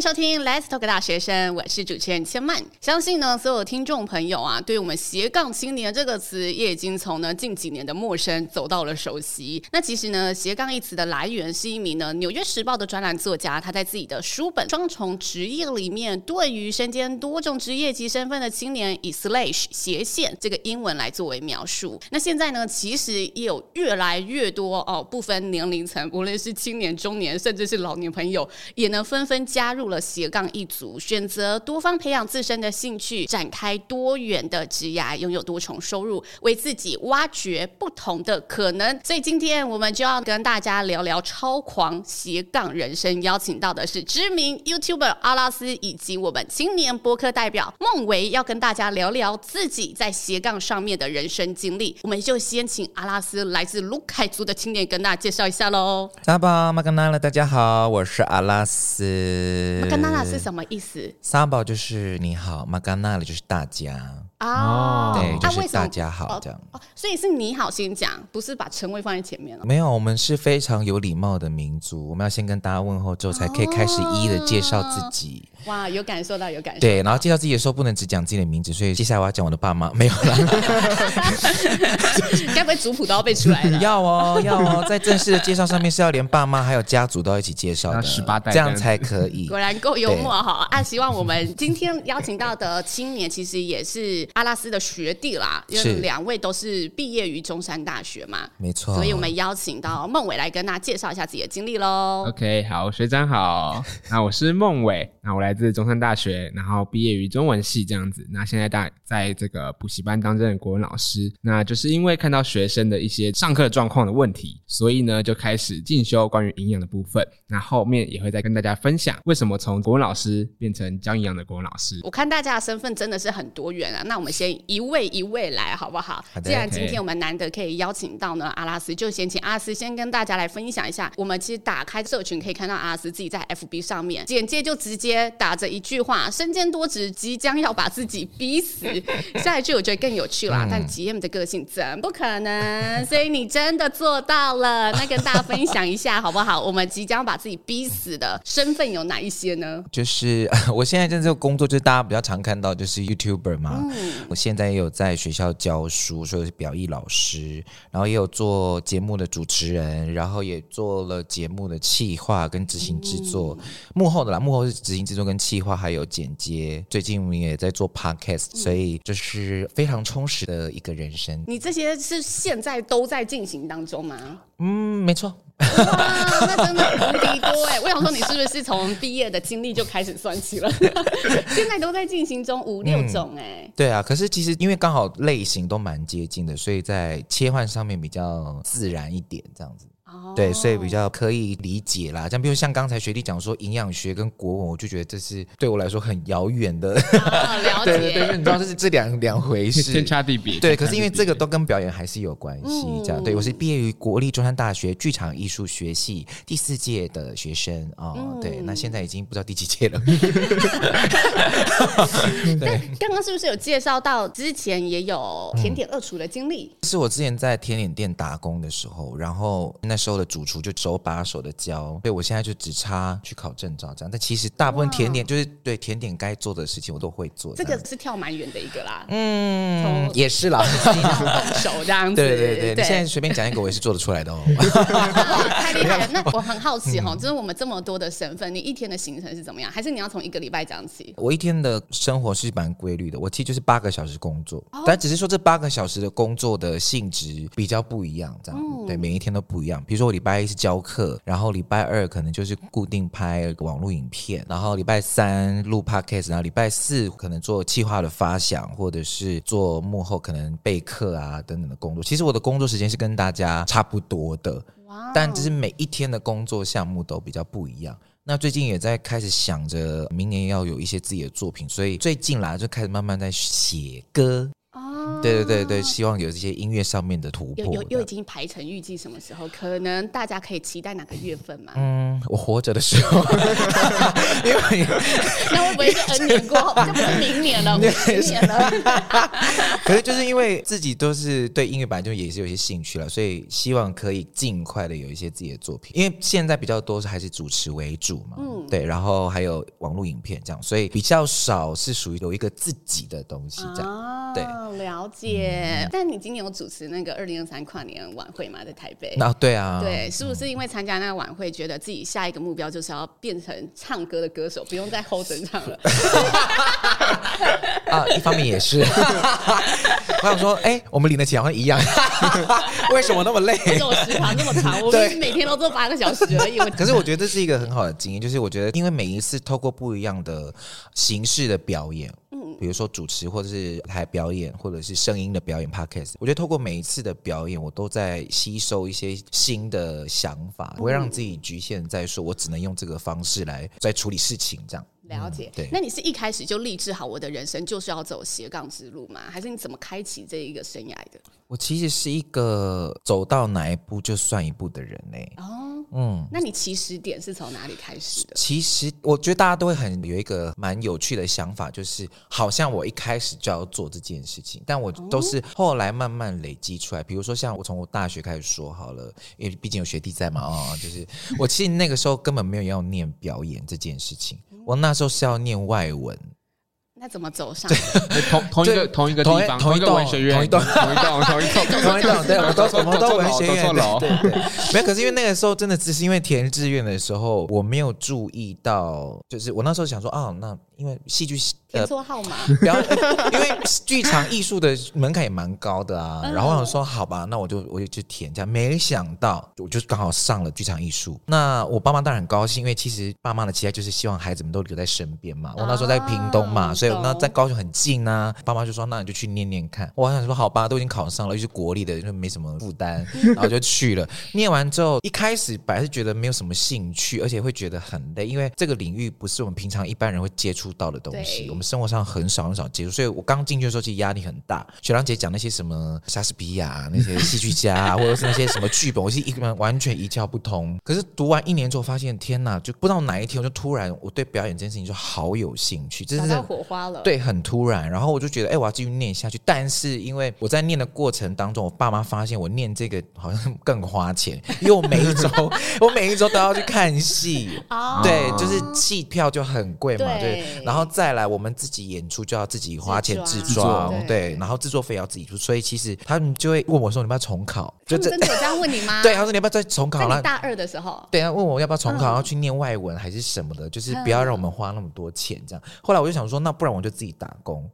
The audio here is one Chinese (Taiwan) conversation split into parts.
收聽 Let's Talk 大學生，我是主持人千曼。相信呢，所有聽眾朋友啊，對我們斜槓青年這個詞，也已經從呢近幾年的陌生走到了熟悉。那其實呢，斜槓一詞的來源是一名呢《紐約時報》的專欄作家，他在自己的書本《雙重職業》裡面，對於身兼多種職業及身份的青年，以 Slash 斜線這個英文來作為描述。那現在呢，其實也有越來越多哦，不分年齡層，無論是青年、中年，甚至是老年朋友，也能紛紛加入了斜槓一族，選擇多方培養自身的興趣，展開多元的職涯，擁有多重收入，為自己挖掘不同的可能。所以今天我們就要跟大家聊聊超狂斜槓人生。邀請到的是知名 YouTuber 阿拉斯以及我們青年播客代表孟緯，要跟大家聊聊自己在斜槓上面的人生經歷。我們就先請阿拉斯來自魯凱族的青年跟大家介紹一下嘍。大寶馬格，大家好，我是阿拉斯。Maganala 是什麼意思？Saba 就是你好，Maganala 就是大家。哦，對，就是大家好這樣。啊。哦，所以是你好先講，不是把稱謂放在前面了哦？沒有，我們是非常有禮貌的民族，我們要先跟大家問候之後，才可以開始一一的介紹自己。哦哇，有感受到，有感受到。對，然後介紹自己的時候不能只講自己的名字，所以接下來我要講我的爸媽，沒有了。 該不會族譜都要背出來？ 要哦，要哦，在正式的介紹上面是要連爸媽還有家族都要一起介紹的，十八代這樣才可以。果然夠幽默哈！對對啊，希望我們今天邀請到的青年其實也是阿拉斯的學弟啦，是因為兩位都是畢業於中山大學嘛，沒錯。所以我們邀請到孟緯來跟大家介紹一下自己的經歷嘍。OK，好，學長好，那我是孟緯， 那我來。來自中山大學，然後畢業於中文系這樣子。那現在大在這個補習班當任的國文老師，那就是因為看到學生的一些上課狀況的問題，所以呢就開始進修關於營養的部分。那後面也會再跟大家分享為什麼從國文老師變成教營養的國文老師。我看大家的身份真的是很多元啊。那我們先一位一位來好不好？好的，既然今天我們難得可以邀請到呢阿拉斯，就先請阿拉斯先跟大家來分享一下。我們其實打開社群可以看到阿拉斯自己在 FB 上面簡介就直接。打着一句話，身兼多職，即將要把自己逼死。 下一句我覺得更有趣啦，嗯、但 GM 的個性怎不可能？所以你真的做到了，那跟大家分享一下好不好？我們即將要把自己逼死的身份有哪一些呢？就是我現在正在工作，就是大家比較常看到，就是 YouTuber 嘛。嗯、我現在也有在學校教書，所以是表藝老師，然後也有做節目的主持人，然後也做了節目的企劃跟執行制作、嗯、幕後的啦，幕後是執行制作。跟企劃還有剪接，最近我們也在做 Podcast，、嗯、所以就是非常充實的一個人生。你這些是現在都在進行當中嗎？嗯，沒錯。那真的無敵多哎、欸！我想說，你是不是從畢業的經歷就開始算起了？ 現在都在進行中，五六種哎、欸嗯。對啊，可是其實因為剛好類型都蠻接近的，所以在切換上面比較自然一點，這樣子。Oh. 對，所以比較可以理解啦。像比如像剛才學弟講說營養學跟國文，我就覺得這是對我來說很遙遠的，oh, 了解， 對，對，對，你知道是這兩兩回事，天差地別，地別，對，可是因為這個都跟表演還是有關係，嗯、這樣。對，我是畢業於國立中山大學劇場藝術學系第四屆的學生哦，嗯、對，那現在已經不知道第幾屆了。 對，剛剛是不是有介紹到之前也有甜點二廚的經歷、嗯。是我之前在甜點店打工的時候，然後那。時候的主廚就手把手的教，所以我現在就只差去考證照這樣。但其實大部分甜點就是對甜點該做的事情我都會做。這個是跳蠻遠的一個啦，嗯，也是啦，從手這樣。對對對，你現在隨便講一個我也是做得出來的哦。太厲害了。那我很好奇哈，就是我們這麼多的身份，你一天的行程是怎麼樣？還是你要從一個禮拜講起？我一天的生活是蠻規律的，我其實就是八個小時工作，但只是說這八個小時的工作的性質比較不一樣，這樣。對，每一天都不一樣。比如說我禮拜一是教課，然後禮拜二可能就是固定拍網絡影片，然後禮拜三錄 podcast，然後禮拜四可能做企劃的發想，或者是做幕後可能備課啊等等的工作。其實我的工作時間是跟大家差不多的，Wow. 但只是每一天的工作項目都比較不一樣。那最近也在開始想着明年要有一些自己的作品，所以最近啦就開始慢慢在寫歌。對對對對，希望有這些音樂上面的突破。又又已經排成預計什麼時候？可能大家可以期待哪個月份嘛？嗯，我活着的時候。那會不會是 N 年過後？就 不是明年了，明 年了。 可是就是因為自己都是對音樂本來就也是有些興趣了，所以希望可以盡快的有一些自己的作品。因為現在比較多是還是主持為主嘛，嗯，對，然後還有網絡影片這樣，所以比較少是屬於有一個自己的東西這樣。啊、對，了姐，嗯、但你今年有主持那個二零二三跨年晚會嗎？在台北那、啊、對啊，對，是不是因為參加那個晚會，覺得自己下一個目標就是要變成唱歌的歌手，不用再 hold 整場了 啊？一方面也是， 我想說，哎、欸，我們領的錢會一樣， 為什麼那麼累？我時長那麼長，我們每天都做八個小時而已。可是我覺得這是一個很好的經驗，就是我覺得因為每一次透過不一樣的形式的表演。比如說主持，或者是檯表演，或者是聲音的表演。Podcast，我覺得透過每一次的表演，我都在吸收一些新的想法，不會讓自己局限在說，我只能用這個方式來在處理事情，這樣、嗯、了解。那你是一開始就立志好，我的人生就是要走斜槓之路嗎？還是你怎麼開啟這一個生涯的？我其實是一個走到哪一步就算一步的人呢、欸。哦。嗯，那你起始點是從哪裡開始的？其實我覺得大家都會很有一個蠻有趣的想法，就是好像我一開始就要做這件事情，但我都是後來慢慢累積出來。比如說像我從我大學開始說好了，因為畢竟有學弟在嘛啊、哦，就是我其實那個時候根本沒有要念表演這件事情，我那時候是要念外文。那怎麼走上？同同一個同一個地方，同一個文學院，同一棟，同一棟，同一棟，同一棟。對，我們都我們都文學院的。對，對，沒，可是因為那個時候真的只是因為填志願的時候，我沒有注意到，就是我那時候想說啊，那因為戲劇。填錯號碼，呃，然後因為劇場藝術的門檻也蠻高的啊。 然後我想說：“好吧，那我就我就去填。”這樣。沒想到，我就剛好上了劇場藝術。那我爸媽當然很高興，因為其實爸媽的期待就是希望孩子們都留在身邊嘛。我那時候在屏東嘛，啊、所以那在高雄很近啊。懂爸媽就說：“那你就去念念看。”我想說：“好吧，都已經考上了，又是國立的，就沒什麼負擔。”然後就去了。 念完之後，一開始本來是覺得沒有什麼興趣，而且會覺得很累，因為這個領域不是我們平常一般人會接觸到的東西。生活上很少很少接觸，所以我剛進去的時候其實壓力很大。學長姐講那些什麼莎士比亞那些戲劇家， 或者是那些什麼劇本，我是一完全一竅不通。可是讀完一年之後，發現天吶，就不知道哪一天我就突然我對表演這件事情就好有興趣，這是火花了，對，很突然。然後我就覺得，哎、欸，我要繼續念下去。但是因為我在念的過程當中，我爸媽發現我念這個好像更花錢，因為我每一周 我每一周都要去看戲，哦、對，就是戲票就很貴嘛，對。對然後再來我們。自己演出就要自己花錢製作啊，對，然後製作費要自己出，所以其實他們就會問我說：“你要不要重考？”就真的有這樣問你嗎？對，他說：“你要不要再重考呢？”大二的時候，對，他問我要不要重考，要去念外文還是什麼的，就是不要讓我們花那麼多錢。這樣，後來我就想說，那不然我就自己打工。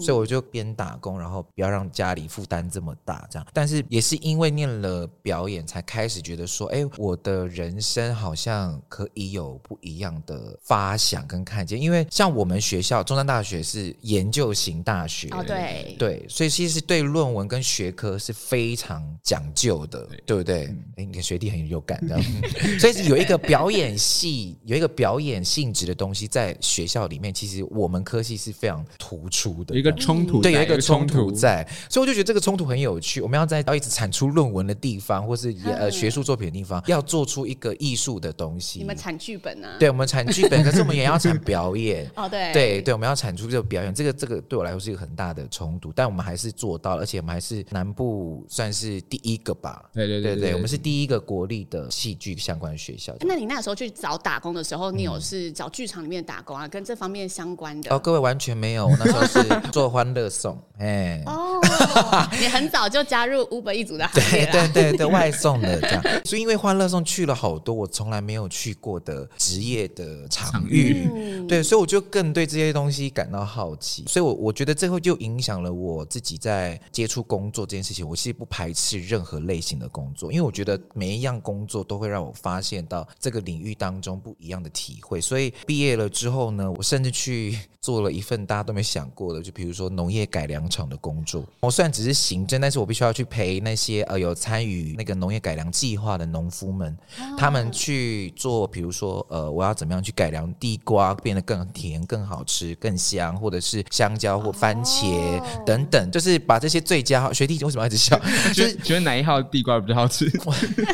所以我就邊打工，然後不要讓家裡負擔這麼大，這樣。但是也是因為念了表演，才開始覺得說，哎、欸，我的人生好像可以有不一樣的發想跟看見。因為像我們學校中山大學是研究型大學，哦、對對，所以其實對論文跟學科是非常講究的，對，對不對？哎、嗯欸，你看學弟很有感，這樣。 所以有一個表演系，有一個表演性質的東西，在學校裡面，其實我們科系是非常突出的一個。衝突、嗯、對，有一個衝突，突在，所以我就覺得這個衝突很有趣。我們要在要一直產出論文的地方，或是呃、嗯、學術作品的地方，要做出一個藝術的東西。你們產劇本呢、啊？對，我們產劇本，可是我們也要產表演。 哦，對對對，我們要產出這個表演，這個這個對我來說是一個很大的衝突，但我們還是做到了，而且我們還是南部算是第一個吧。對對對對，我們是第一個國立的戲劇相關學校。那你那時候去找打工的時候，嗯、你有是找劇場裡面打工啊，跟這方面相關的？哦，各位完全沒有，那時候是。做歡樂送，哎哦，你很早就加入 Uber 一族的行業。對，對對對對，外送的這樣， 所以因為歡樂送去了好多我從來沒有去過的職業的場域，域對，所以我就更對這些東西感到好奇，所以我我覺得最後就影響了我自己在接觸工作這件事情，我其實不排斥任何類型的工作，因為我覺得每一樣工作都會讓我發現到這個領域當中不一樣的體會，所以畢業了之後呢，我甚至去做了一份大家都沒想過的，就。比如說農業改良場，的工作，我雖然只是行政，但是我必須要去陪那些呃有參與那個農業改良計劃的農夫們，他們去做，比如說呃，我要怎麼樣去改良地瓜變得更甜、更好吃、更香，或者是香蕉或番茄等等，就是把這些最佳好。學弟為什麼要一直笑？就是覺得哪一號地瓜比較好吃，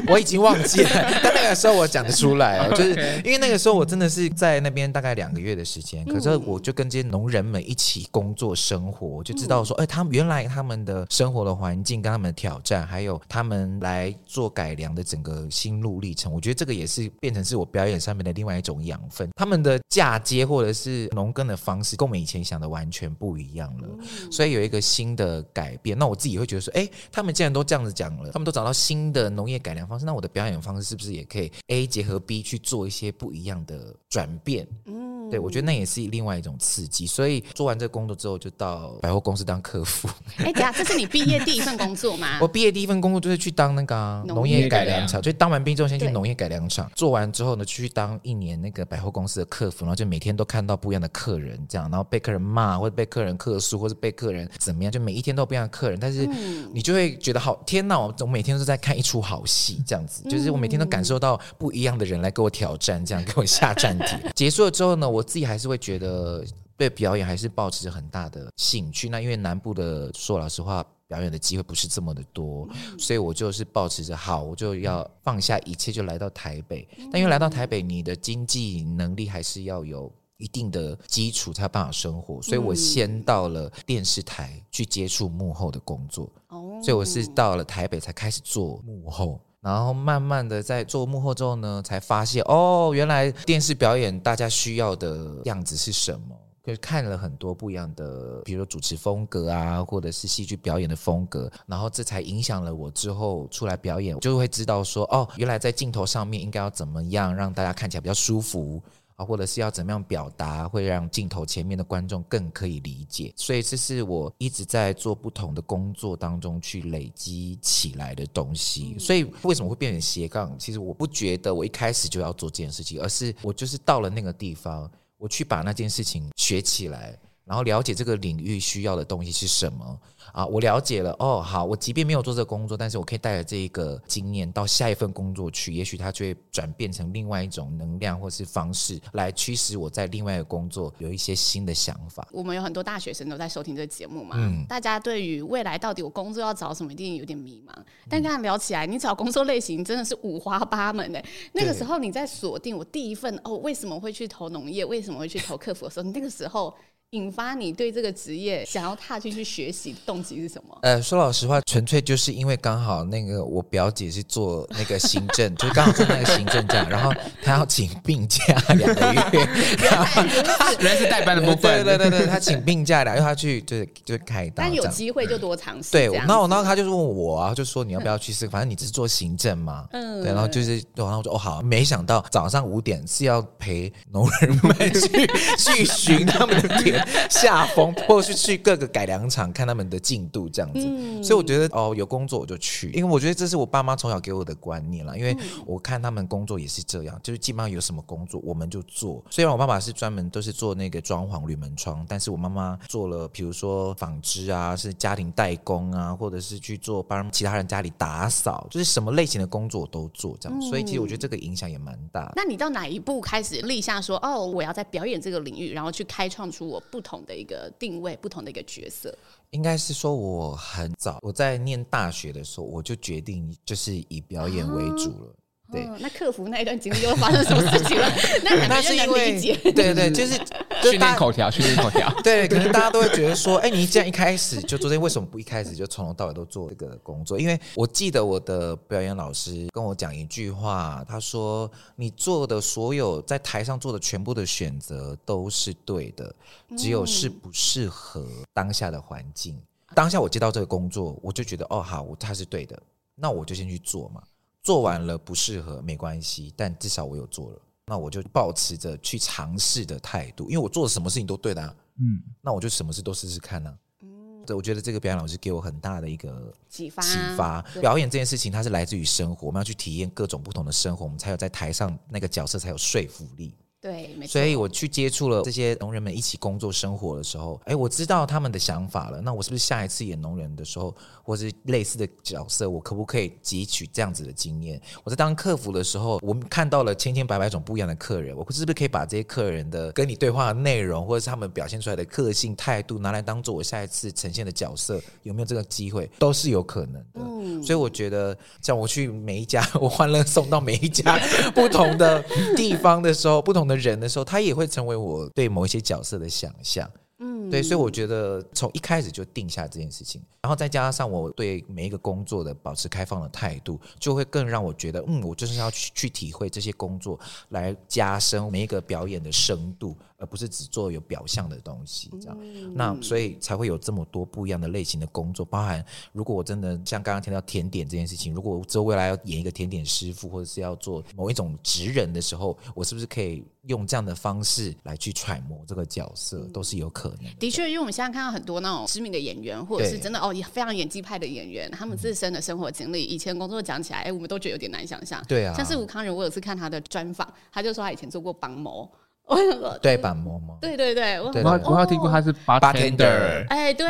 我已經忘記了，但那個時候我講得出來，就是因為那個時候我真的是在那邊大概兩個月的時間，可是我就跟這些農人們一起工作。生活就知道說，哎、欸，他們原來他們的生活的環境跟他們的挑戰，還有他們來做改良的整個心路歷程，我覺得這個也是變成是我表演上面的另外一種養分。他們的嫁接或者是農耕的方式，跟我們以前想的完全不一樣了，嗯、所以有一個新的改變。那我自己會覺得說，哎、欸，他們既然都這樣子講了，他們都找到新的農業改良方式，那我的表演方式是不是也可以 A 結合 B 去做一些不一樣的轉變？嗯。對，我覺得那也是另外一種刺激。所以做完這個工作之後，就到百貨公司當客服。哎，等下，這是你畢業第一份工作嗎？ 我畢業第一份工作就是去當那個、啊、農業改良場。所以當完兵之後，先去農業改良場。對做完之後呢，去當一年那個百貨公司的客服，然後就每天都看到不一樣的客人，這樣，然後被客人罵，或者被客人客訴，或者被客人怎麼樣，就每一天都有不一樣的客人。但是你就會覺得好，天哪，我我每天都在看一出好戲，這樣子，嗯、就是我每天都感受到不一樣的人來給我挑戰，這樣給我下戰帖。結束了之後呢？我自己還是會覺得對表演還是保持着很大的興趣。那因為南部的說老實話，表演的機會不是這麼的多，嗯、所以我就是保持着好，我就要放下一切，就來到台北。嗯、但因為來到台北，你的經濟能力還是要有一定的基礎，才有辦法生活。所以我先到了電視台去接觸幕後的工作，嗯、所以我是到了台北才開始做幕後。然後慢慢的在做幕後之後呢，才發現哦，原來電視表演大家需要的樣子是什麼？就看了很多不一樣的，比如說主持風格啊，或者是戲劇表演的風格，然後這才影響了我之後出來表演，就會知道說哦，原來在鏡頭上面應該要怎麼樣，讓大家看起來比較舒服。啊，或者是要怎麼樣表達，會讓鏡頭前面的觀眾更可以理解。所以這是我一直在做不同的工作當中去累積起來的東西。所以為什麼會變成斜槓？其實我不覺得我一開始就要做這件事情，而是我就是到了那個地方，我去把那件事情學起來。然後了解這個領域需要的東西是什麼啊？我了解了哦，好，我即便沒有做這個工作，但是我可以帶着這一個經驗到下一份工作去，也許它就會轉變成另外一種能量，或是方式，來驅使我在另外一個工作有一些新的想法。我們有很多大學生都在收聽這個節目嘛，嗯，大家對於未來到底我工作要找什麼，一定有點迷茫。但剛剛聊起來，你找工作類型真的是五花八門的。那個時候你在鎖定我第一份對哦，為什麼會去投農業？為什麼會去投客服的時候，那個時候。引發你對這個職業想要踏進去學習的動機是什麼？呃，說老實話，純粹就是因為剛好那個我表姐是做那個行政，就剛好做那個行政這樣，然後她要請病假兩個月，原來是代班的部分。對對對她請病假的，然後，她去就就開單。但有機會就多嘗試。對，然後然後她就問我，啊，就說你要不要去試？反正你只是做行政嘛，嗯，對，然後就是，然後我說哦好。沒想到早上五點是要陪農人們去去巡他們的田。 下風，或是去各個改良場看他們的進度這樣子，嗯、所以我覺得哦，有工作我就去，因為我覺得這是我爸媽從小給我的觀念了，因為我看他們工作也是這樣，就是基本上有什麼工作我們就做。雖然我爸爸是專門都是做那個裝潢、鋁門窗，但是我媽媽做了，比如說紡織啊，是家庭代工啊，或者是去做幫其他人家裡打掃，就是什麼類型的工作我都做這樣。嗯、所以其實我覺得這個影響也蠻大。那你到哪一步開始立下說哦，我要在表演這個領域，然後去開創出我？不同的一個定位，不同的一個角色。應該是說，我很早我在念大學的時候，我就決定就是以表演為主了。啊對、哦，那客服那一段經歷又發生什麼事情了？ 那是因為對對，就是訓練口條訓練口條。對，可能大家都會覺得說，哎、欸，你這樣一開始就昨天為什麼不一開始就從頭到尾都做這個工作？因為我記得我的表演老師跟我講一句話，他說：“你做的所有在台上做的全部的選擇都是對的，只有適不適合當下的環境。當下我接到這個工作，我就覺得哦，好，它是對的，那我就先去做嘛。”做完了不適合沒關係，但至少我有做了，那我就保持着去嘗試的態度，因為我做的什麼事情都對的啊，嗯，那我就什麼事都試試看呢啊？嗯，對，我覺得這個表演老師給我很大的一個啟發。啟發啊，表演這件事情它是來自於生活，我們要去體驗各種不同的生活，我們才有在台上那個角色才有說服力。對，所以我去接觸了這些農人們一起工作生活的時候，哎，我知道他們的想法了。那我是不是下一次演農人的時候，或是類似的角色，我可不可以汲取這樣子的經驗？我在當客服的時候，我看到了千千百百種不一樣的客人，我是不是可以把這些客人的跟你對話的內容，或者是他們表現出來的個性態度，拿來當做我下一次呈現的角色？有沒有這個機會？都是有可能的。嗯、所以我覺得，像我去每一家，我歡樂送到每一家不同的地方的時候， 不同的。人的時候，他也會成為我對某一些角色的想象，嗯，對，所以我覺得從一開始就定下這件事情，然後再加上我對每一個工作的保持開放的態度，就會更讓我覺得，嗯，我就是要去去體會這些工作，來加深每一個表演的深度。不是只做有表象的東西，這樣，嗯、那所以才會有這麼多不一樣的類型的工作。包含如果我真的像剛剛提到甜點這件事情，如果我之後未來要演一個甜點師傅，或者是要做某一種職人的時候，我是不是可以用這樣的方式來去揣摩這個角色，嗯、都是有可能的。的確確，樣因為我們現在看到很多那種知名的演員，或者是真的對哦，非常演技派的演員，他們自身的生活經歷、嗯、以前工作講起來、欸，我們都覺得有點難想象。對啊。像是吳慷仁，我有次看他的專訪，他就說他以前做過幫模。我對板模嗎？對對對，我我我聽過他是 Bartender，哎，對，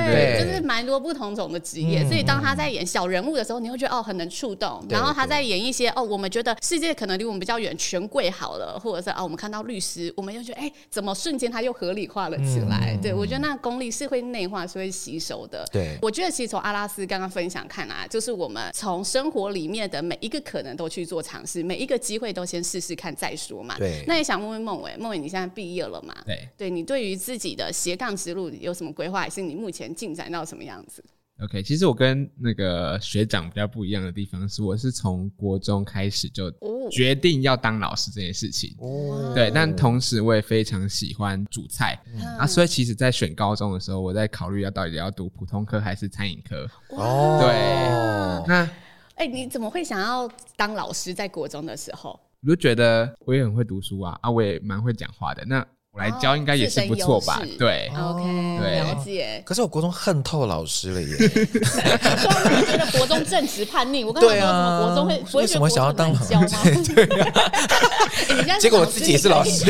就是蠻多不同種的職業。所以當他在演小人物的時候，你會覺得哦，很能觸動。然後他在演一些哦，我們覺得世界可能離我們比較遠，權貴好了，或者是哦，我們看到律師，我們就覺得哎，怎麼瞬間他又合理化了起來？對，我覺得那功力是會內化，是會吸收的。對，我覺得其實從阿拉斯剛剛分享看啊，就是我們從生活裡面的每一個可能都去做嘗試，每一個機會都先試試看再說嘛。對，那也想問問孟緯，孟緯。你現在畢業了嘛？對，對，你對於自己的斜槓之路有什麼規劃，還是你目前進展到什麼樣子？OK，其實我跟那個學長比較不一樣的地方是，我是從國中開始就決定要當老師這件事情。哦、對，但同時我也非常喜歡煮菜、哦、啊，所以其實，在選高中的時候，我在考慮要到底要讀普通科還是餐飲科。哦，對，那哎、欸，你怎麼會想要當老師？在國中的時候。如果覺得我也很會讀書啊，啊，我也蠻會講話的。那。來教應該也是不錯吧？對，OK，了解。可是我國中恨透老師了耶！說人國中正值叛逆，我跟你說，國中會為什麼想要當老師？對。結果我自己也是老師，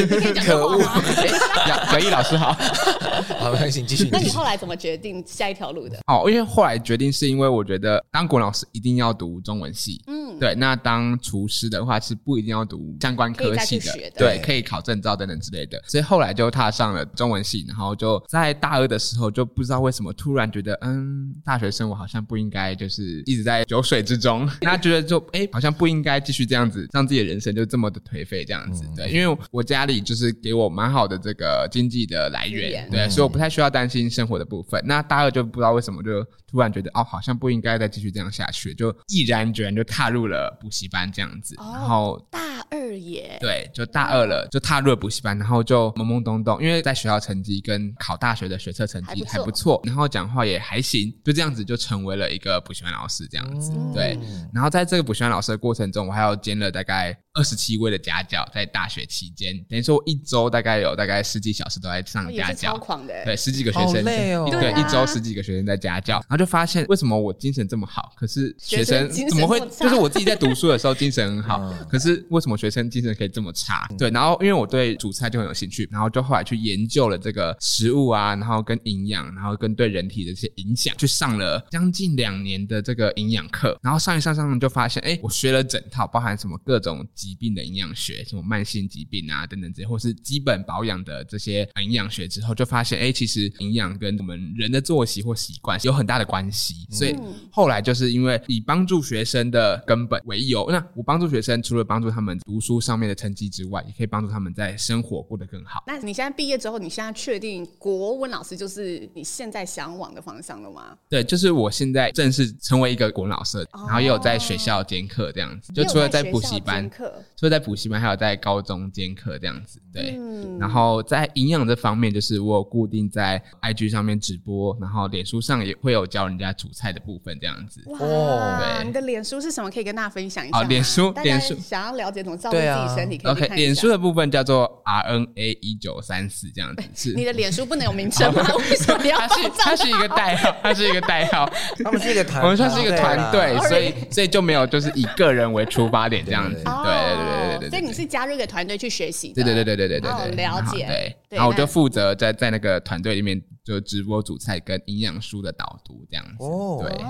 可惡！可以老師好，好，那請繼續。那你後來怎麼決定下一條路的？哦，因為後來決定是因為我覺得當國老師一定要讀中文系，嗯，對。那當廚師的話是不一定要讀相關科系的，對，可以考證照等等之類的。最後。後來就踏上了中文系，然後就在大二的時候，就不知道為什麼突然覺得，嗯，大學生活好像不應該就是一直在酒水之中。那他覺得就，哎，好像不應該繼續這樣子，讓自己的人生就這麼的頹廢這樣子。對，因為我家裡就是給我蠻好的這個經濟的來源，對，所以我不太需要擔心生活的部分。那大二就不知道為什麼就突然覺得，哦，好像不應該再繼續這樣下去，就毅然決然就踏入了補習班這樣子。然後大二也對，就大二了，就踏入了補習班，然後就。懵懵懂懂，因為在學校成績跟考大學的學測成績還不錯，然後講話也還行，就這樣子就成為了一個補習班老師這樣子。嗯、對，然後在這個補習班老師的過程中，我還要兼了大概二十七位的家教，在大學期間，等於說我一周大概有大概十幾小時都在上家教，狂的欸、對十幾個學生，好累喔、對一周十幾個學生在家教，然後就發現為什麼我精神這麼好，可是學生怎麼會就是我自己在讀書的時候精神很好，嗯、可是為什麼學生精神可以這麼差？對，然後因為我對煮菜就很有興趣。然後就後來去研究了這個食物啊，然後跟營養，然後跟對人體的一些影響，去上了將近兩年的這個營養課。然後上一上上就發現，哎，我學了整套，包含什麼各種疾病的營養學，什麼慢性疾病啊等等這些，或是基本保養的這些營養學之後，就發現，哎，其實營養跟我們人的作息或習慣有很大的關係。嗯。所以後來就是因為以幫助學生的根本為由，那我幫助學生除了幫助他們讀書上面的成績之外，也可以幫助他們在生活過得更好。那你現在畢業之後，你現在確定國文老師就是你現在嚮往的方向了嗎？對，就是我現在正式成為一個國文老師，然後也有在學校兼課這樣子。就除了在補習班課，除了在補習班，還有在高中兼課這樣子。對，然後在營養這方面，就是我有固定在 IG 上面直播，然後臉書上也會有教人家煮菜的部分這樣子。哇，對，你的臉書是什麼？可以跟大家分享一下。啊，臉書，臉書，想要了解怎麼照顧自己身體，OK，臉書的部分叫做 RNA。一九三四這樣子。欸、你的臉書不能有名稱嗎？哦、為什麼你要？它是它是一個代號，它是一個代號， 他們是一個團，我們算是一個團隊，OK、啦所以所以就沒有就是以個人為出發點這樣子，對對對對對，對對對對對。所以你是加入一個團隊去學習的，對對，對對對對對對對，哦、了解。對，然後我就負責在在那個團隊裡面，就直播煮菜跟營養書的導讀這樣子，哦、對。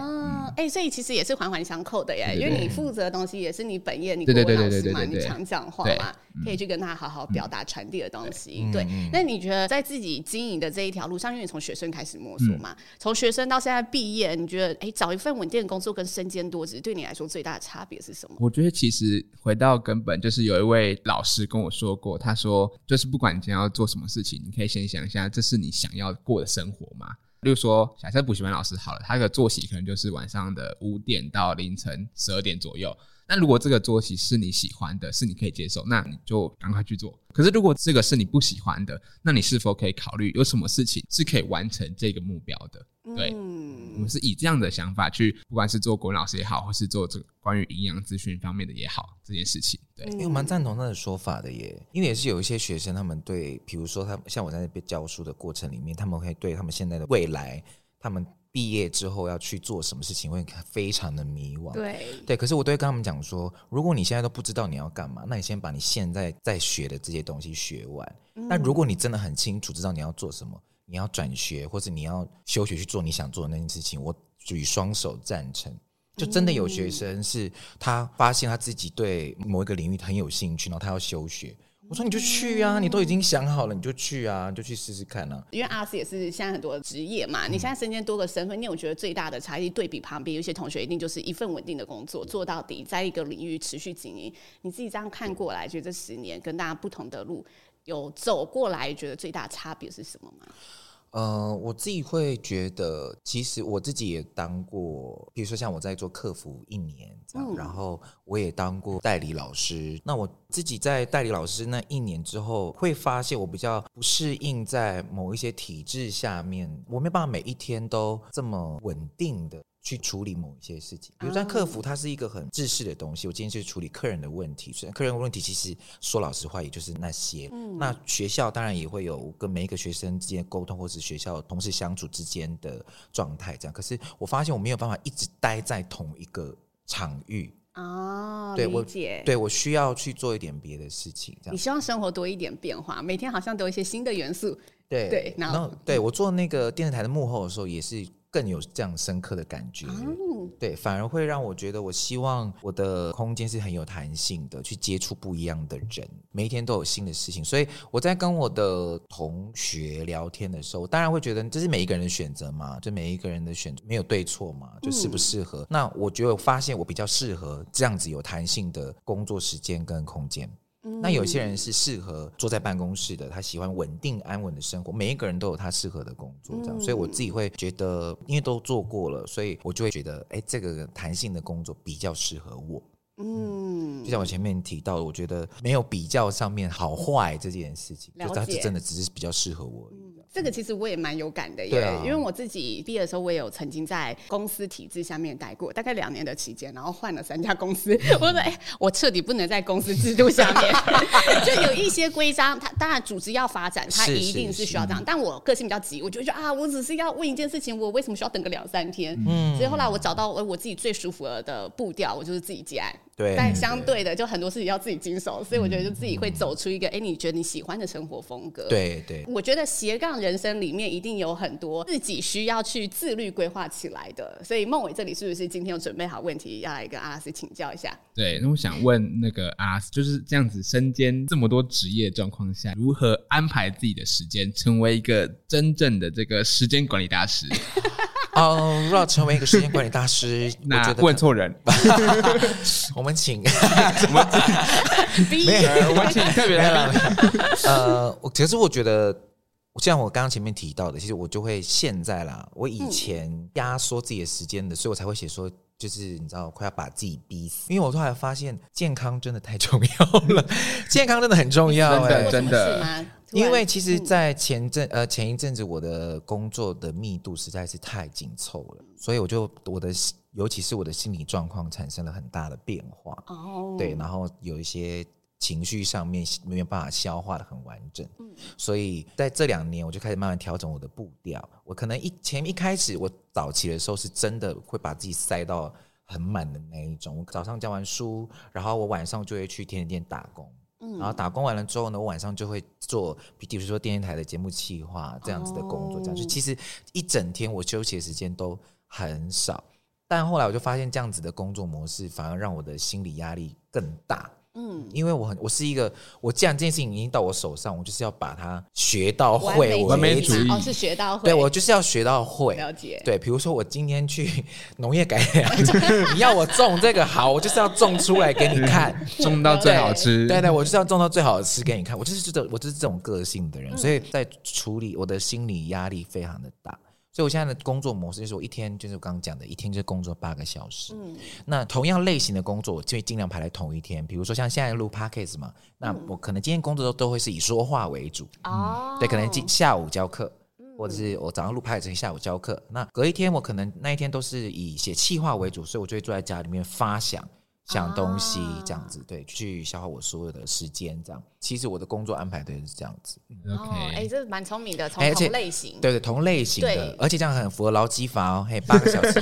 哎、欸，所以其實也是環環相扣的耶，對對對對，因為你負責的東西也是你本業，你做老師嘛，你常講話嘛，對可以去跟他好好表達傳遞的東西。對，嗯、對，那你覺得在自己經營的這一條路上，嗯、因為你從學生開始摸索嘛，從、嗯、學生到現在畢業，你覺得哎、欸，找一份穩定的工作跟身兼多職對你來說最大的差別是什麼？我覺得其實回到根本，就是有一位老師跟我說過，他說就是不管你要做什麼事情，你可以先想一下，這是你想要過的生活嗎？比如說，假設補習班老師好了，他的作息可能就是晚上的五點到凌晨十二點左右。那如果這個作息是你喜歡的，是你可以接受，那你就趕快去做。可是如果這個是你不喜歡的，那你是否可以考慮有什麼事情是可以完成這個目標的？對，嗯、我們是以這樣的想法去，不管是做國文老師也好，或是做這個關於營養資訊方面的也好，這件事情，對，因、欸、我蠻贊同他的說法的耶。因為也是有一些學生，他們對，比如說他們像我在那邊教書的過程裡面，他們會對他們現在的未來，他們。畢業之後要去做什麼事情會非常的迷惘，對。對對，可是我都會跟他們講說，如果你現在都不知道你要幹嘛，那你先把你現在在學的這些東西學完。嗯、那如果你真的很清楚知道你要做什麼，你要轉學或者你要休學去做你想做的那件事情，我舉雙手贊成。就真的有學生是他發現他自己對某一個領域很有興趣，然後他要休學。我說你就去啊。你都已經想好了，你就去啊，你就去試試看啊。因為阿拉斯也是現在很多職業嘛，嗯、你現在身兼多個身份。你有覺得最大的差異對比旁邊有些同學，一定就是一份穩定的工作做到底，在一個領域持續經營。你自己這樣看過來，嗯、覺得這十年跟大家不同的路有走過來，覺得最大差別是什麼嗎？嗯、呃，我自己會覺得，其實我自己也當過，比如說像我在做客服一年這樣，嗯、然後我也當過代理老師。那我自己在代理老師那一年之後，會發現我比較不適應在某一些體制下面，我沒辦法每一天都這麼穩定的。去處理某一些事情，比如像客服，哦、它是一個很制式的東西。我今天去處理客人的問題，雖然客人問題其實說老實話，也就是那些。嗯、那學校當然也會有跟每一個學生之間溝通，或是學校同事相處之間的狀態這樣。可是我發現我沒有辦法一直待在同一個場域啊。哦、對我解，對我需要去做一點別的事情。你希望生活多一點變化，每天好像都有一些新的元素。對對，然後 no,、嗯、對我做那個電視台的幕後的時候，也是。更有這樣深刻的感覺，對，反而會讓我覺得，我希望我的空間是很有彈性的，去接觸不一樣的人，每一天都有新的事情。所以我在跟我的同學聊天的時候，當然會覺得這是每一個人的選擇嘛，就每一個人的選擇沒有對錯嘛，就適不適合。那我覺得我發現我比較適合這樣子有彈性的工作時間跟空間。嗯、那有些人是適合坐在辦公室的，他喜歡穩定安穩的生活。每一個人都有他適合的工作，這樣。嗯、所以我自己會覺得，因為都做過了，所以我就會覺得，哎、欸，這個彈性的工作比較適合我。嗯，就像我前面提到的，我覺得沒有比較上面好壞這件事情，了解。就它是真的只是比較適合我而已。嗯這個其實我也蠻有感的耶，啊、因為我自己畢業的時候，我也有曾經在公司體制下面待過，大概兩年的期間，然後換了三家公司。嗯、我說哎、欸，我徹底不能在公司制度下面， 就有一些規章，它當然組織要發展，它一定是需要這樣。是是是，但我個性比較急，我就覺得就啊，我只是要問一件事情，我為什麼需要等個兩三天？嗯，所以後來我找到我自己最舒服了的步調，我就是自己接案。對但相對的，就很多事情要自己經手，嗯、所以我覺得就自己會走出一個，哎、嗯，欸，你覺得你喜歡的生活風格。對對。對，我覺得斜槓人生裡面一定有很多自己需要去自律規劃起來的，所以孟緯這裡是不是今天有準備好問題要來跟阿拉斯請教一下？對，那我想問那個阿拉斯，就是這樣子身兼這麼多職業狀況下，如何安排自己的時間，成為一個真正的這個時間管理大師？ 哦，如何、uh, 成為一個時間管理大師？那 Okay, 問錯人， 我們請怎 麼請？沒有，我們請特別的。 呃，我其實我覺得，像我剛剛前面提到的，其實我就會現在啦，我以前壓縮自己的時間的，所以我才會寫說，就是你知道，快要把自己逼死，因為我突然發現健康真的太重要了， 健康真的很重要、欸 真，真的真的。因為其實，在前陣、嗯、呃前一陣子，我的工作的密度實在是太緊湊了，所以我就我的尤其是我的心理狀況產生了很大的變化。哦、對，然後有一些情緒上面沒有辦法消化得很完整，嗯、所以在這兩年，我就開始慢慢調整我的步調。我可能一前一開始，我早期的時候是真的會把自己塞到很滿的那一種，我早上教完書，然後我晚上就會去甜點店打工。嗯、然後打工完了之後呢，我晚上就會做，比，比如說電視台的節目企劃這樣子的工作，哦、這樣就其實一整天我休息的時間都很少，但後來我就發現這樣子的工作模式反而讓我的心理壓力更大。嗯，因為我很，我是一個，我既然這件事情已經到我手上，我就是要把它學到會。完美主義，哦，是學到會，對我就是要學到會，了解，對，比如說我今天去農業改良，你要我種這個好，我就是要種出來給你看， 對種到最好吃，對，對對，我就是要種到最好吃給你看，我就是這，我就是這種個性的人，嗯、所以在處理我的心理壓力非常的大。所以我現在的工作模式就是，我一天就是剛剛講的，一天就是工作八個小時。嗯、那同樣類型的工作，我就會盡量排在同一天。比如說像現在錄 Podcast 嘛， 嗯、 那我可能今天工作都都會是以說話為主。嗯、對，可能今下午教課，或者是我早上錄 Podcast，下午教課。那隔一天，我可能那一天都是以寫企劃為主，所以我就會坐在家裡面發想。想東西這樣子，啊、對，去消耗我所有的時間，這樣。其實我的工作安排就是這樣子。嗯、OK，哎、欸，這是蠻聰明的，同類型。對、欸、對，同類型的，對而且這樣很符合勞基法哦。嘿、欸，八個，個小時，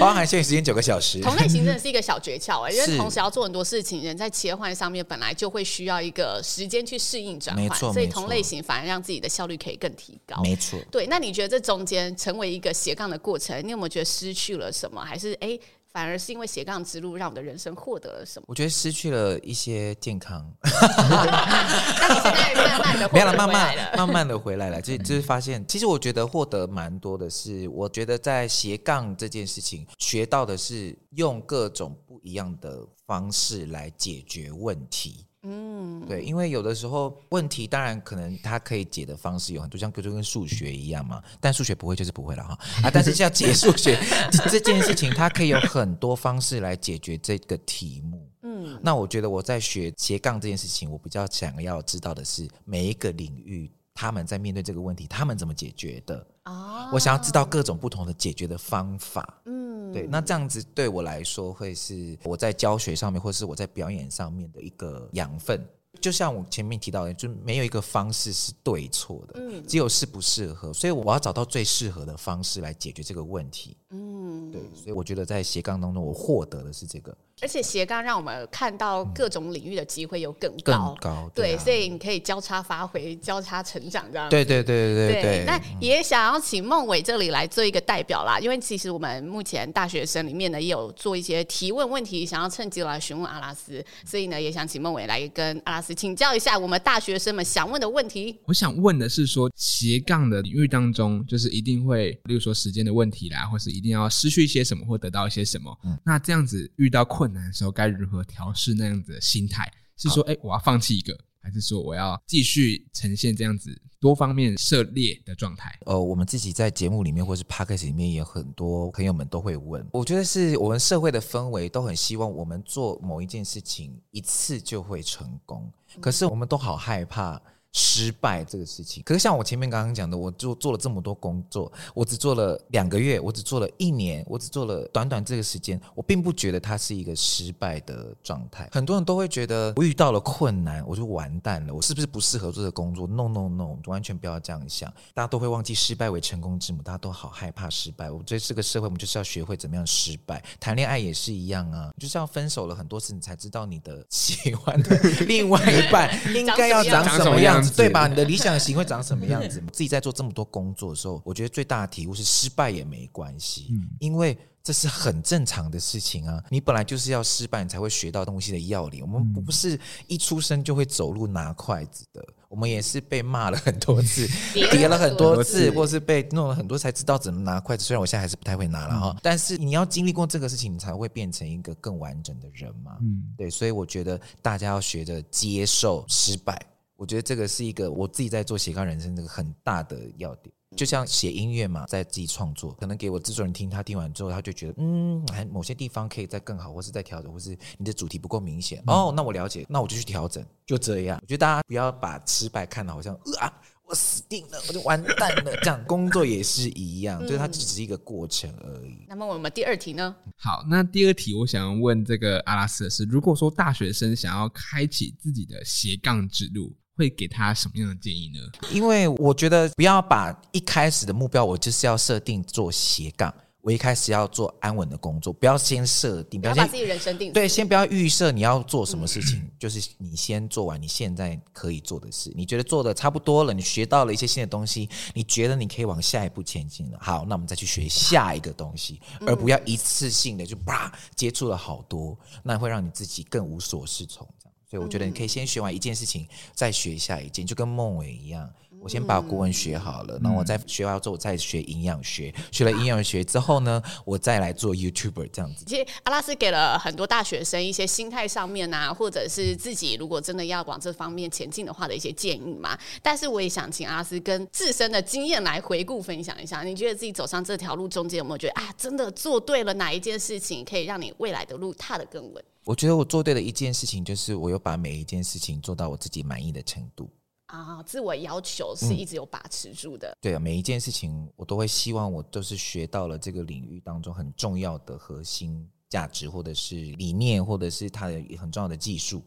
包含休息時間九個小時。同類型真的是一個小訣竅哎， 是因為同時要做很多事情，人在切換上面本來就會需要一個時間去適應轉換，沒錯所以同類型反而讓自己的效率可以更提高。沒錯錯，對。那你覺得這中間成為一個斜槓的過程，你有沒有覺得失去了什麼？還是哎？欸反而是因為斜槓之路，讓我的人生獲得了什麼？我覺得失去了一些健康，哈哈哈，現在慢慢的回來了，慢慢慢慢的回來了。就就發現，其實我覺得獲得蠻多的是，是我覺得在斜槓這件事情學到的是用各種不一樣的方式來解決問題。嗯，對，因為有的時候，問題當然可能它可以解的方式有很多，像就跟數學一樣嘛，但數學不會就是不會了哈啊！但是像解數學 這件事情，它可以有很多方式來解決這個題目。嗯，那我覺得我在學斜槓這件事情，我比較想要知道的是每一個領域他們在面對這個問題，他們怎麼解決的哦，啊，我想要知道各種不同的解決的方法。嗯對，那這樣子對我來說，會是我在教學上面，或者是我在表演上面的一個養分。就像我前面提到的，就沒有一個方式是對錯的，嗯、只有適不適合。所以我要找到最適合的方式來解決這個問題。嗯，對，所以我覺得在斜槓當中，我獲得的是這個。而且斜槓讓我們看到各種領域的機會有更高，更高對，對啊、所以你可以交叉發揮、交叉成長，這樣子對，對對對對對。那對對也想要請孟緯這裡來做一個代表啦，嗯、因為其實我們目前大學生裡面呢也有做一些提問問題，想要趁機來詢問阿拉斯，所以呢也想請孟緯來跟阿拉斯請教一下我們大學生們想問的問題。我想問的是說，斜槓的領域當中，就是一定會，例如說時間的問題啦，或是一定要失去一些什麼，或得到一些什麼？嗯、那這樣子遇到困。那時候該如何調試那樣子的心態？是說，哎好，我要放棄一個，還是說，我要繼續呈現這樣子多方面涉獵的狀態？呃，我們自己在節目裡面或是 podcast 裡面，也有很多朋友們都會問。我覺得是我們社會的氛圍都很希望我們做某一件事情一次就會成功，可是我們都好害怕失敗這個事情，可是像我前面剛剛講的，我就做了這麼多工作，我只做了兩個月，我只做了一年，我只做了短短這個時間，我並不覺得它是一個失敗的狀態。很多人都會覺得我遇到了困難，我就完蛋了，我是不是不適合做這個工作？No No No，完全不要這樣想。大家都會忘記失敗為成功之母，大家都好害怕失敗。我覺得這個社會，我們就是要學會怎麼樣失敗。談戀愛也是一樣啊，就是要分手了很多次，你才知道你的喜歡的另外一半對應該要長什麼樣。對吧？你的理想型會長什麼樣子？ 嗯、自己在做這麼多工作的時候，我覺得最大的體悟是失敗也沒關係，嗯、因為這是很正常的事情啊。你本來就是要失敗，你才會學到東西的要領。我們不是一出生就會走路拿筷子的，我們也是被罵了很多次，跌了很多次，或是被弄了很多才知道怎麼拿筷子。雖然我現在還是不太會拿了哈，嗯、但是你要經歷過這個事情，你才會變成一個更完整的人嘛。嗯、對，所以我覺得大家要學着接受失敗。我覺得這個是一個我自己在做斜槓人生這個很大的要點，就像寫音樂嘛，在自己創作，可能給我制作人聽，他聽完之後，他就覺得嗯，嗯，某些地方可以再更好，或是再調整，或是你的主題不夠明顯、嗯、哦，那我了解，那我就去調整，就這樣。我覺得大家不要把失敗看得好像啊、呃，我死定了，我就完蛋了 這樣，工作也是一樣，所以它只是一個過程而已。嗯、那麼我們第二題呢？好，那第二題我想問這個阿拉斯的是，如果說大學生想要開啟自己的斜槓之路。會給他什麼樣的建議呢？因為我覺得不要把一開始的目標，我就是要設定做斜槓，我一開始要做安穩的工作，不要先設定，不要先，不要把自己人生定。對，先不要預設你要做什麼事情，嗯，就是你先做完你現在可以做的事，你覺得做的差不多了，你學到了一些新的東西，你覺得你可以往下一步前進了，好，那我們再去學下一個東西，而不要一次性的就啪接觸了好多，那會讓你自己更無所適從。對，我覺得你可以先學完一件事情，再學下一件，就跟孟緯一樣。我先把國文學好了，嗯、然後我再學完之後，我再學營養學。學了營養學之後呢，啊、我再來做 YouTuber 這樣子。其實阿拉斯給了很多大學生一些心態上面啊，或者是自己如果真的要往這方面前進的話的一些建議嘛。但是我也想請阿拉斯跟自身的經驗來回顧分享一下，你覺得自己走上這條路中間有沒有覺得啊，真的做對了哪一件事情可以讓你未來的路踏得更穩？我覺得我做對的一件事情就是，我有把每一件事情做到我自己滿意的程度。啊，自我要求是一直有把持住的。嗯，對啊，每一件事情我都會希望我都是學到了這個領域當中很重要的核心價值，或者是理念，或者是它的很重要的技術。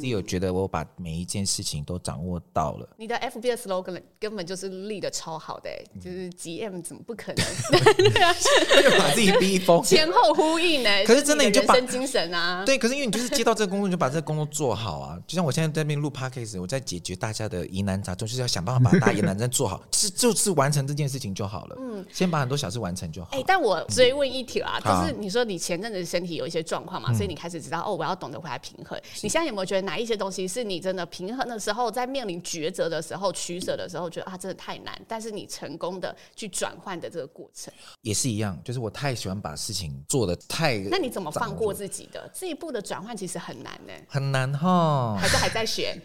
自己有覺得我把每一件事情都掌握到了，你的 FB 的 Slogan 根本根本就是立得超好的，就是 G M 怎麼不可能？把自己逼瘋，前後呼應呢？可是真的你就把精神啊，對，可是因為你就是接到這個工作，你就把這個工作做好啊。就像我現在在那邊錄 podcast，我在解決大家的疑難雜症，就是要想辦法把大家疑難症做好，是就是完成這件事情就好了。嗯，先把很多小事完成就好。哎，但我追問一題啊，就是你說你前陣子身體有一些狀況嘛，所以你開始知道哦，我要懂得回來平衡。你現在有沒有覺得？哪一些東西是你真的平衡的時候，在面臨抉擇的時候、取舍的時候，覺得啊，真的太難。但是你成功的去轉換的這個過程，也是一樣。就是我太喜歡把事情做得太……那你怎麼放過自己的？這一步的轉換其實很難呢、欸，很難哈，還是還在學。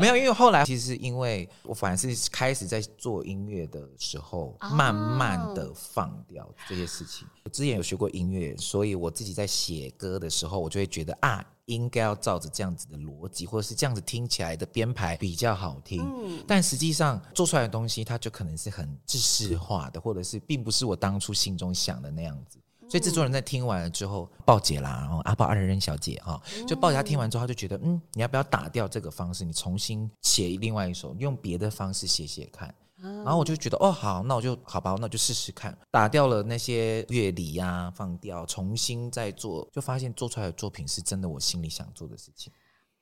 沒有，因為後來其實是因為我反而是開始在做音樂的時候，哦、慢慢的放掉這些事情。我之前有學過音樂，所以我自己在寫歌的時候，我就會覺得啊。應該要照着這樣子的邏輯，或者是這樣子聽起來的編排比較好聽，嗯、但實際上做出來的東西，它就可能是很制式化的，或者是並不是我當初心中想的那樣子。嗯、所以制作人在聽完了之後，鮑姐啦，然後阿寶、啊、二人二小姐啊，哦嗯、就鮑姐。她聽完之後，她就覺得，嗯，你要不要打掉這個方式，你重新寫另外一首，用別的方式寫寫看。然後我就覺得，哦，好，那我就好吧，那我就試試看，打掉了那些樂理呀，啊，放掉，重新再做，就發現做出來的作品是真的我心裡想做的事情。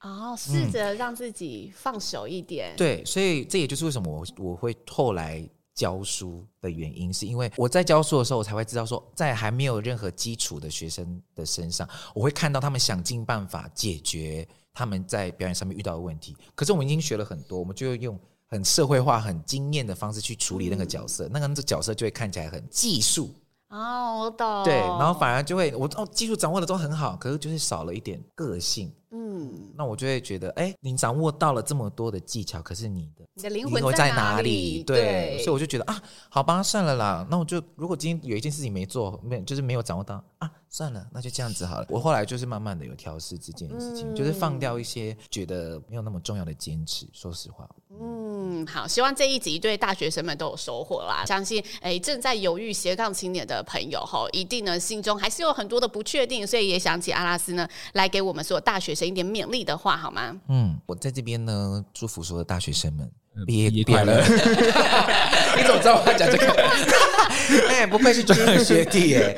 哦，試着讓自己放手一點。嗯。對，所以這也就是為什麼我我會後來教書的原因，是因為我在教書的時候，我才會知道說，在還沒有任何基礎的學生的身上，我會看到他們想盡辦法解決他們在表演上面遇到的問題。可是我們已經學了很多，我們就用。很社會化、很經驗的方式去處理那個角色，那個、嗯、那個角色就會看起來很技術啊、哦，我懂。對，然後反而就會我哦，技術掌握的都很好，可是就是少了一點個性。嗯，那我就會覺得，哎，你掌握到了這麼多的技巧，可是你的你的靈魂在哪裡？對，對，所以我就覺得啊，好吧，算了啦，那我就如果今天有一件事情沒做，沒就是沒有掌握到啊，算了，那就這樣子好了。對我後來就是慢慢的有調試這件事情，嗯、就是放掉一些覺得沒有那麼重要的堅持。說實話，嗯，好，希望這一集對大學生們都有收穫啦。相信哎，正在猶豫斜槓青年的朋友哈，一定呢心中還是有很多的不確定，所以也想請阿拉斯呢來給我們所有大學。說一點勉勵的話好嗎？嗯，我在這邊呢，祝福所有的大學生們畢、嗯、業快樂，快樂 你怎麼知道我要講這個？哎、 欸，不愧是專業學弟耶。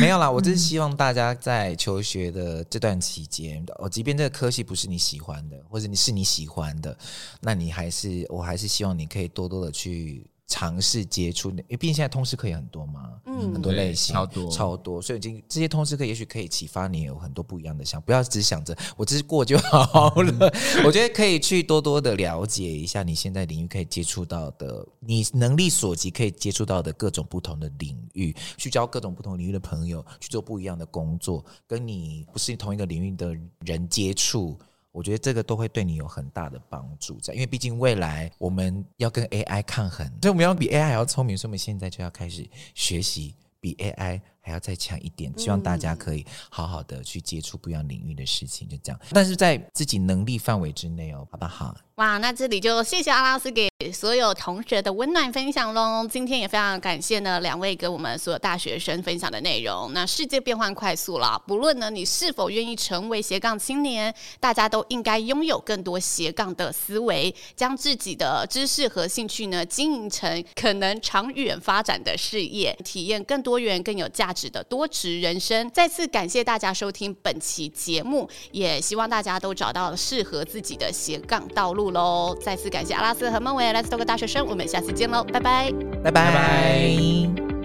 沒有啦，我真是希望大家在求學的這段期間，我即便這個科系不是你喜歡的，或者你是你喜歡的，那你還是，我還是希望你可以多多的去。嘗試接觸，因為畢竟現在通識課也很多嘛，嗯，很多類型，超多超多，所以這些通識課也許可以啟發你有很多不一樣的想，不要只想着我只是過就好了。嗯，我覺得可以去多多的了解一下你現在領域可以接觸到的，你能力所及可以接觸到的各種不同的領域，去交各種不同領域的朋友，去做不一樣的工作，跟你不是同一個領域的人接觸。我覺得這個都會對你有很大的幫助，因為畢竟未來我們要跟 AI 抗衡，所以我們要比 AI 還要聰明，所以我們現在就要開始學習，比 AI 還要再強一點。希望大家可以好好的去接觸不一樣領域的事情，就這樣。但是在自己能力範圍之內哦，好不好？哇，那這裡就謝謝阿拉斯給所有同學的溫暖分享嘍。今天也非常感謝呢兩位給我們所有大學生分享的內容。那世界變幻快速了，不論呢你是否願意成為斜槓青年，大家都應該擁有更多斜槓的思維，將自己的知識和興趣呢經營成可能長遠發展的事業，體驗更多元更有價值的多職人生。再次感謝大家收聽本期節目，也希望大家都找到適合自己的斜槓道路。嘍，再次感謝阿拉斯和孟緯 Let's Talk 的大學生，我們下次見嘍，拜拜，拜拜拜。拜拜